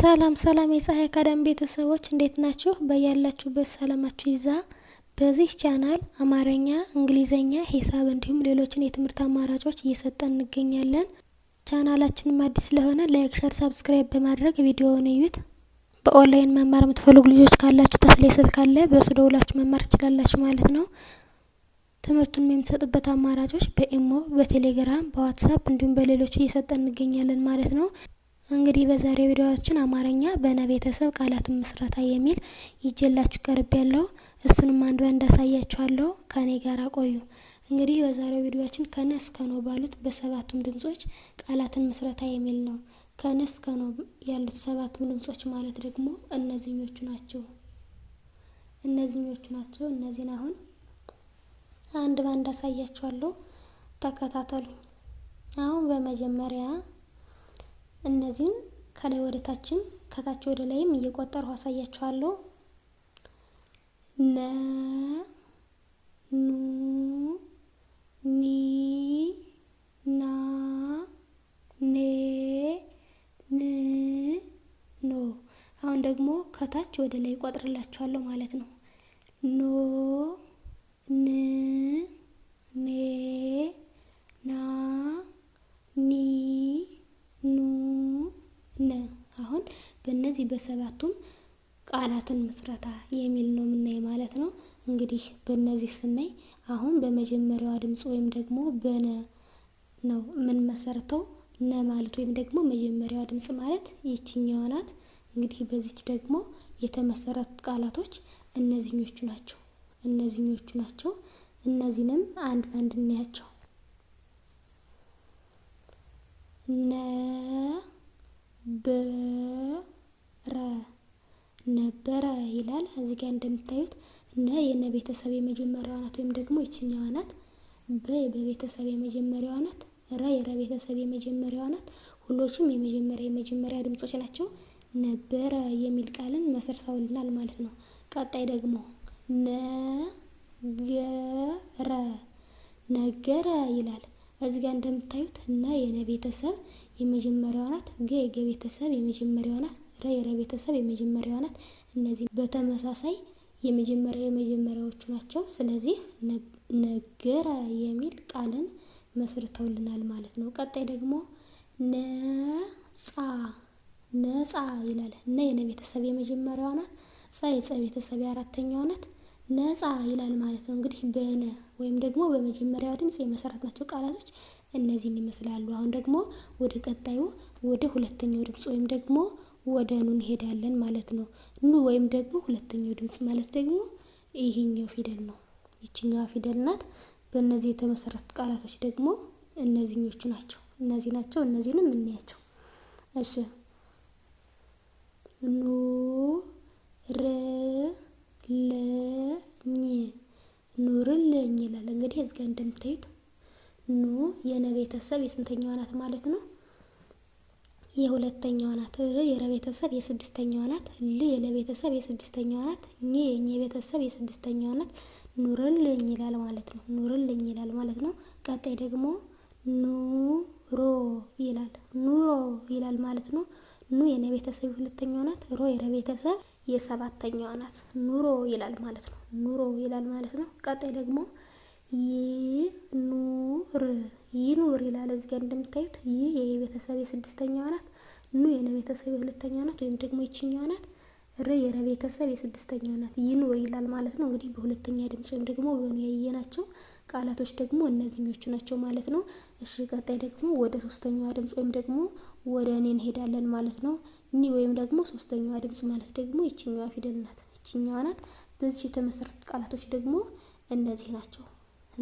ሰላም ሰላም የፀሐይ አካዳሚ ቤተሰቦች እንዴት ናችሁ? በያላችሁበት ሰላማችሁ ይዛ። በዚህ ቻናል አማርኛ፣ እንግሊዘኛ፣ ሂሳብ እንዲሁም ሌሎችን የትምህርት አማራጮች እየሰጠን እንገኛለን። ቻናላችንም አዲስ ስለሆነ ላይክ፣ ሸር፣ ሳብስክራይብ በማድረግ ቪዲዮውን እዩት። በኦንላይን መማር የምትፈልጉ ልጆች ካላችሁ ተስለ ስልክ ካለ በሱ ደውላችሁ መማር ትችላላችሁ ማለት ነው። ትምህርቱን የምንሰጥበት አማራጮች በኢሞ፣ በቴሌግራም፣ በዋትሳፕ እንዲሁም በሌሎቹ እየሰጠን እንገኛለን ማለት ነው። እንግዲህ በዛሬ ቪዲዮችን አማርኛ በነ ቤተሰብ ቃላትን ምስረታ የሚል ይጀላችሁ ቀርብ ያለው እሱንም አንድ ወንድ አሳያችኋለሁ። ከኔ ጋር ቆዩ። እንግዲህ በዛሬው ቪዲዮችን ከነ እስከ ኖ ባሉት በሰባቱም ድምጾች ቃላትን ምስረታ የሚል ነው። ከነ እስከ ኖ ያሉት ሰባቱም ድምጾች ማለት ደግሞ እነዚህኞቹ ናቸው። እነዚህኞቹ ናቸው። እነዚህን አሁን አንድ ባንድ አሳያችኋለሁ። ተከታተሉኝ። አሁን በመጀመሪያ እነዚህም ከላይ ወደ ታችም ከታች ወደ ላይም እየቆጠርሁ አሳያችኋለሁ። ነ ኑ ኒ ና ኔ ን ኖ። አሁን ደግሞ ከታች ወደ ላይ ቆጥርላችኋለሁ ማለት ነው። ኖ ን ኔ ና ኒ ኑ ነ አሁን በእነዚህ በሰባቱም ቃላትን ምስረታ የሚል ነው የምናይ ማለት ነው። እንግዲህ በእነዚህ ስናይ አሁን በመጀመሪያዋ ድምፅ ወይም ደግሞ በነ ነው መሰረተው ነ ማለት ወይም ደግሞ መጀመሪያዋ ድምፅ ማለት ይችኛዋ ናት። እንግዲህ በዚች ደግሞ የተመሰረቱት ቃላቶች እነዚኞቹ ናቸው እነዚኞቹ ናቸው። እነዚህንም አንድ በአንድ እናያቸው። ነበረ ነበረ ይላል እዚህ ጋር እንደምታዩት ነ የነ ቤተሰብ የመጀመሪያዋ ናት ወይም ደግሞ ይችኛዋ ናት። በ በቤተሰብ የመጀመሪያዋ ናት። ረ የረ ቤተሰብ የመጀመሪያዋ ናት። ሁሎችም የመጀመሪያ የመጀመሪያ ድምጾች ናቸው። ነበረ የሚል ቃልን መስርተውልናል ማለት ነው። ቀጣይ ደግሞ ነገረ ነገረ ይላል እዚህ ጋር እንደምታዩት እና የነ ቤተሰብ የመጀመሪያዋ ናት። ገ የገ ቤተሰብ የመጀመሪያዋ ናት። ረ የረ ቤተሰብ የመጀመሪያዋ ናት። እነዚህ በተመሳሳይ የመጀመሪያ የመጀመሪያዎቹ ናቸው። ስለዚህ ነገረ የሚል ቃልን መስርተውልናል ማለት ነው። ቀጣይ ደግሞ ነጻ ነጻ ይላል። ነ የነ ቤተሰብ የመጀመሪያዋ ናት። ጸ የጸ ቤተሰብ የአራተኛዋ ናት። ነፃ ይላል ማለት ነው። እንግዲህ በነ ወይም ደግሞ በመጀመሪያው ድምፅ የመሰረትናቸው ቃላቶች እነዚህን ይመስላሉ። አሁን ደግሞ ወደ ቀጣዩ ወደ ሁለተኛው ድምፅ ወይም ደግሞ ወደ ኑ እንሄዳለን ማለት ነው። ኑ ወይም ደግሞ ሁለተኛው ድምፅ ማለት ደግሞ ይሄኛው ፊደል ነው። ይችኛዋ ፊደል ናት። በእነዚህ የተመሰረቱ ቃላቶች ደግሞ እነዚህኞቹ ናቸው። እነዚህ ናቸው። እነዚህንም እንያቸው። እሺ ኑ ር ለኝ ኑርልኝ ይላል። እንግዲህ እዚህ ጋር እንደምታዩት ኑ የነ ቤተሰብ የስንተኛዋ ናት ማለት ነው? የሁለተኛዋ ናት። ር የረ ቤተሰብ የስድስተኛዋ ናት። ል የለ ቤተሰብ የስድስተኛዋ ናት። ኝ የኘ ቤተሰብ የስድስተኛዋ ናት። ኑርልኝ ይላል ማለት ነው። ኑርልኝ ይላል ማለት ነው። ቀጣይ ደግሞ ኑሮ ይላል። ኑሮ ይላል ማለት ነው። ኑ የነ ቤተሰብ የሁለተኛዋ ናት። ሮ የረ ቤተሰብ የሰባተኛዋ ናት። ኑሮ ይላል ማለት ነው። ኑሮ ይላል ማለት ነው። ቀጣይ ደግሞ ይኑር ይኑር ይላል። እዚህ ጋር እንደምታዩት ይህ የቤተሰብ የስድስተኛዋ ናት። ኑ የነ ቤተሰብ የሁለተኛዋ ናት፣ ወይም ደግሞ ይችኛዋ ናት። ር የረ ቤተሰብ የስድስተኛ ናት ይኑር ይላል ማለት ነው። እንግዲህ በሁለተኛ ድምፅ ወይም ደግሞ በኑ ያየናቸው ቃላቶች ደግሞ እነዚህኞቹ ናቸው ማለት ነው። እሺ ቀጣይ ደግሞ ወደ ሶስተኛዋ ድምፅ ወይም ደግሞ ወደ እኔ እንሄዳለን ማለት ነው። እኒ ወይም ደግሞ ሶስተኛዋ ድምፅ ማለት ደግሞ ይችኛዋ ፊደል ናት። ይችኛዋ ናት። በዚህ የተመሰረቱት ቃላቶች ደግሞ እነዚህ ናቸው።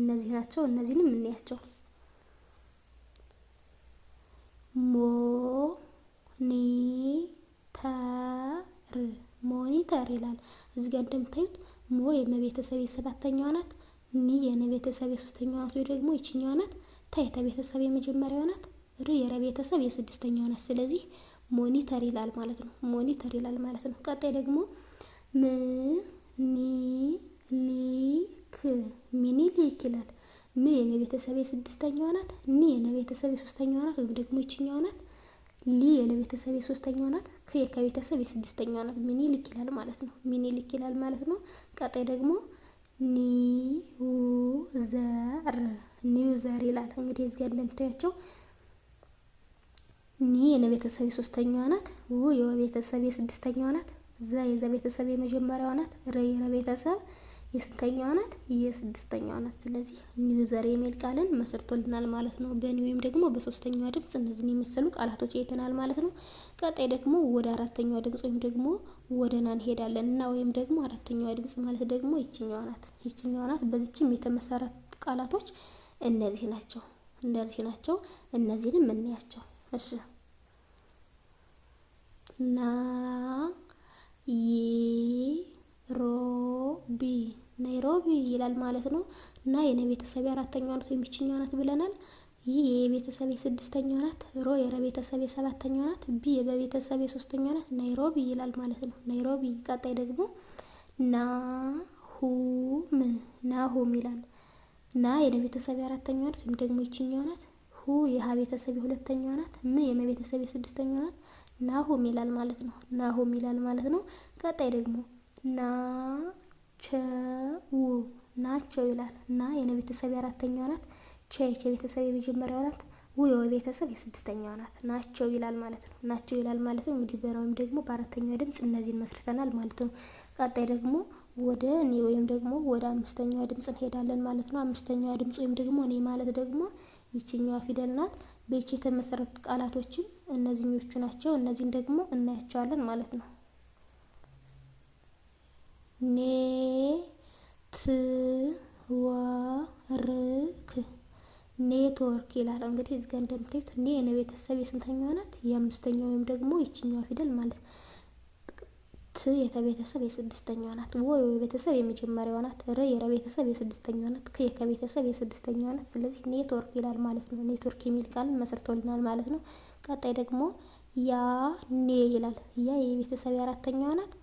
እነዚህ ናቸው። እነዚህንም እንያቸው ሞ ኒ ተ ር ፒተር ይላል። እዚህ ጋር እንደምታዩት ሞ የመቤተሰብ የሰባተኛዋ ናት። ኒ የነቤተሰብ የሶስተኛዋ ናት፣ ወይ ደግሞ ይችኛዋ ናት። ታ ቤተሰብ የመጀመሪያዋ ናት። ር የረቤተሰብ የስድስተኛዋ ናት። ስለዚህ ሞኒተር ይላል ማለት ነው። ሞኒተር ይላል ማለት ነው። ቀጣይ ደግሞ ሚኒ ሚኒሊክ ይላል። ም የመቤተሰብ የስድስተኛዋ ናት። ኒ የነቤተሰብ የሶስተኛዋ ናት፣ ወይም ደግሞ ይችኛዋ ናት። ሊ ለቤተሰብ የሶስተኛው ናት። ክ ከቤተሰብ የስድስተኛው ናት። ሚኒሊክ ይላል ማለት ነው። ሚኒሊክ ይላል ማለት ነው። ቀጣይ ደግሞ ኒውዘር ዘር ይላል። እንግዲህ እዚህ ጋር እንደምታያቸው ኒ የነቤተሰብ የሶስተኛዋ ናት። ው የወቤተሰብ የስድስተኛዋ ናት። ዘ የዘ ቤተሰብ የመጀመሪያዋ ናት። ረ የረ ቤተሰብ የስንተኛዋ ናት? የስድስተኛዋ ናት። ስለዚህ ኒው የሚል ቃልን መስርቶልናል ማለት ነው። በኒ ወይም ደግሞ በሶስተኛዋ ድምፅ እነዚህን የመሰሉ ቃላቶች አይተናል ማለት ነው። ቀጣይ ደግሞ ወደ አራተኛዋ ድምፅ ወይም ደግሞ ወደ ና እንሄዳለን እና ወይም ደግሞ አራተኛዋ ድምፅ ማለት ደግሞ ይችኛዋ ናት። ይችኛዋ ናት። በዚችም የተመሰረቱ ቃላቶች እነዚህ ናቸው። እነዚህ ናቸው። እነዚህንም እንያቸው። እሺ ና ይ ሮ ናይሮቢ ናይሮቢ ይላል ማለት ነው። እና የነ ቤተሰብ የአራተኛዋ ናት ወይም ይችኛዋ ናት ብለናል። ይህ የቤተሰብ የስድስተኛዋ ናት። ሮ የረ ቤተሰብ የሰባተኛዋ ናት። ቢ የበቤተሰብ የሶስተኛዋ ናት። ናይሮቢ ይላል ማለት ነው። ናይሮቢ። ቀጣይ ደግሞ ናሁም ናሁም ይላል። ና የነ ቤተሰብ የአራተኛዋ ናት ወይም ደግሞ ይችኛዋ ናት። ሁ የሀ ቤተሰብ የሁለተኛዋ ናት። ም የመቤተሰብ የስድስተኛዋ ናት። ናሁም ይላል ማለት ነው። ናሁም ይላል ማለት ነው። ቀጣይ ደግሞ ና ቸው ናቸው ይላል እና የነ ቤተሰብ አራተኛ ናት። ቼ ቼ ቤተሰብ ናት። ውዮ ቤተሰብ የስድስተኛዋ ናት። ናቸው ይላል ማለት ነው። ናቸው ይላል ማለት ነው። እንግዲህ በወይም ደግሞ በአራተኛው ድምፅ እነዚህን መስርተናል ማለት ነው። ቀጣይ ደግሞ ወደ እኔ ወይም ደግሞ ወደ አምስተኛው ድምፅ እንሄዳለን ማለት ነው። አምስተኛው ድምፅ ወይም ደግሞ እኔ ማለት ደግሞ ይችኛዋ ፊደል ናት። በቼ የተመሰረቱ ቃላቶችም እነዚህኞቹ ናቸው። እነዚህን ደግሞ እናያቸዋለን ማለት ነው። ኔትወርክ ኔትወርክ ይላል እንግዲህ እዚህ ጋር እንደምታዩት ኔ ቤተሰብ የስንተኛው ናት? የአምስተኛው ወይም ደግሞ ይችኛዋ ፊደል ማለት ነው። ት የተቤተሰብ የስድስተኛዋ ናት። ወ የቤተሰብ የመጀመሪያዋ ናት። ረ የረቤተሰብ የስድስተኛዋ ናት። ከ የከቤተሰብ የስድስተኛዋ ናት። ስለዚህ ኔትወርክ ይላል ማለት ነው። ኔትወርክ የሚል ቃል መስርቶልናል ማለት ነው። ቀጣይ ደግሞ ያ ኔ ይላል። ያ የቤተሰብ የአራተኛዋ ናት።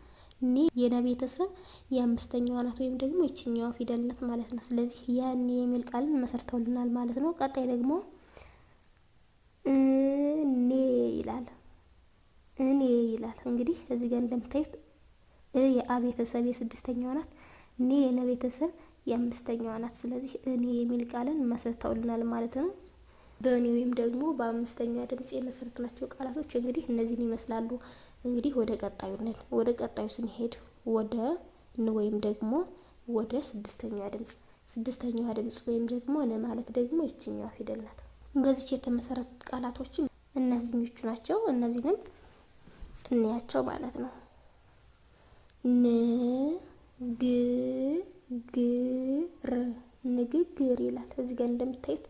ኔ የነቤተሰብ የአምስተኛዋ ናት ወይም ደግሞ የችኛዋ ፊደልነት ማለት ነው። ስለዚህ ያን የሚል ቃልን መሰርተውልናል ማለት ነው። ቀጣይ ደግሞ እኔ ይላል እኔ ይላል። እንግዲህ እዚህ ጋር እንደምታዩት እ የአ ቤተሰብ የስድስተኛዋ ኔ የነቤተሰብ የአምስተኛዋ ናት። ስለዚህ እኔ የሚል ቃልን መሰርተውልናል ማለት ነው። በእኔ ወይም ደግሞ በአምስተኛ ድምፅ ናቸው ቃላቶች እንግዲህ እነዚህን ይመስላሉ። እንግዲህ ወደ ቀጣዩ ነን። ወደ ቀጣዩ ስንሄድ ወደ ን ወይም ደግሞ ወደ ስድስተኛ ድምፅ ስድስተኛዋ ድምፅ ወይም ደግሞ ነ ማለት ደግሞ ይችኛዋ ፊደል ናት። በዚች የተመሰረቱት ቃላቶችም እነዚህኞቹ ናቸው። እነዚህንም እንያቸው ማለት ነው። ን ግ ግ ር ንግግር ይላል እዚህ ጋር እንደምታዩት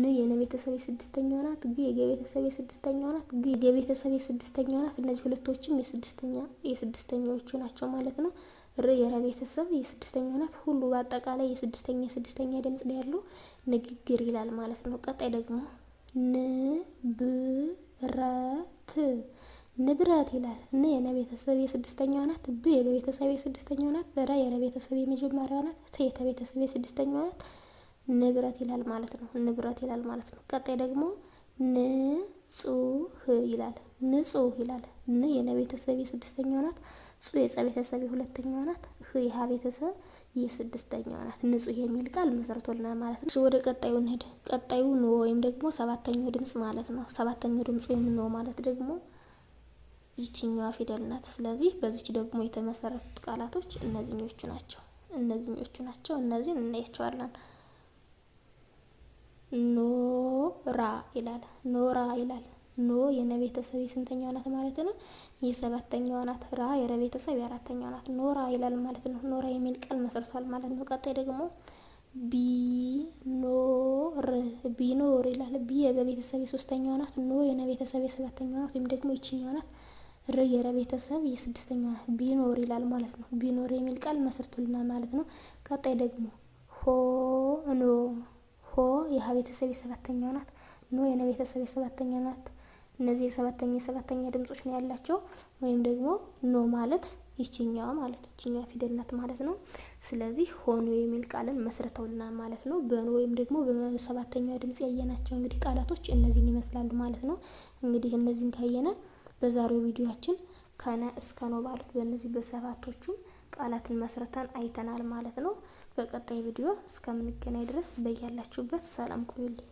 ን የነቤተሰብ የስድስተኛ ናት። ግ የገቤተሰብ የስድስተኛ ናት። ግ የገቤተሰብ የስድስተኛ ናት። እነዚህ ሁለቶችም የስድስተኛ የስድስተኛዎቹ ናቸው ማለት ነው። ር የረቤተሰብ የስድስተኛ ናት። ሁሉ በአጠቃላይ የስድስተኛ የስድስተኛ ድምጽ ነው ያለው ንግግር ይላል ማለት ነው። ቀጣይ ደግሞ ንብረት ንብረት ይላል። ን የነቤተሰብ የስድስተኛ ናት። ብ የበቤተሰብ የስድስተኛ ናት። ረ የረቤተሰብ የመጀመሪያ ናት። ት የተቤተሰብ የስድስተኛ ናት። ንብረት ይላል ማለት ነው። ንብረት ይላል ማለት ነው። ቀጣይ ደግሞ ንጹህ ይላል። ንጹህ ይላል። ን የነቤተሰብ የስድስተኛው ናት። ጹ የጸ ቤተሰብ የሁለተኛው ናት። ህ የሀ ቤተሰብ የስድስተኛው ናት። ንጹህ የሚል ቃል መሰርቶልናል ማለት ነው። ወደ ቀጣዩ እንሄድ። ቀጣዩ ን ወይም ደግሞ ሰባተኛው ድምጽ ማለት ነው። ሰባተኛው ድምጽ ወይም ነው ማለት ደግሞ ይችኛዋ ፊደል ናት። ስለዚህ በዚች ደግሞ የተመሰረቱት ቃላቶች እነዚህኞቹ ናቸው። እነዚህኞቹ ናቸው። እነዚህን እናያቸዋለን። ኖራ ይላል። ኖራ ይላል። ኖ የነ ቤተሰብ የስንተኛዋ ናት ማለት ነው? የሰባተኛዋ ናት። ራ የረቤተሰብ ቤተሰብ የአራተኛዋ ናት። ኖራ ይላል ማለት ነው። ኖራ የሚል ቃል መስርቷል ማለት ነው። ቀጣይ ደግሞ ቢኖር ቢኖር ይላል። ቢ በቤተሰብ የሶስተኛዋ ናት። ኖ የነቤተሰብ የሰባተኛው ናት ወይም ደግሞ ይችኛዋ ናት። ር የረ ቤተሰብ ናት። ቢኖር ይላል ማለት ነው። ቢኖር የሚል ቃል መስርቶልናል ማለት ነው። ቀጣይ ደግሞ ሆኖ ሆ የሀ ቤተሰብ ናት። ኖ የነ ቤተሰብ የሰባተኛ ናት። እነዚህ የሰባተኛ የሰባተኛ ድምጾች ነው ያላቸው። ወይም ደግሞ ኖ ማለት ይችኛዋ ማለት ይችኛዋ ፊደል ናት ማለት ነው። ስለዚህ ሆኖ የሚል ቃልን መስርተውልናል ማለት ነው። በኖ ወይም ደግሞ በሰባተኛ ድምጽ ያየናቸው እንግዲህ ቃላቶች እነዚህን ይመስላሉ ማለት ነው። እንግዲህ እነዚህን ካየነ በዛሬው ቪዲዮአችን ከነ እስከ ኖ ባሉት በእነዚህ በሰባቶቹም ቃላትን መስረተን አይተናል ማለት ነው። በቀጣይ ቪዲዮ እስከምንገናኝ ድረስ በያላችሁበት ሰላም ቆዩልኝ።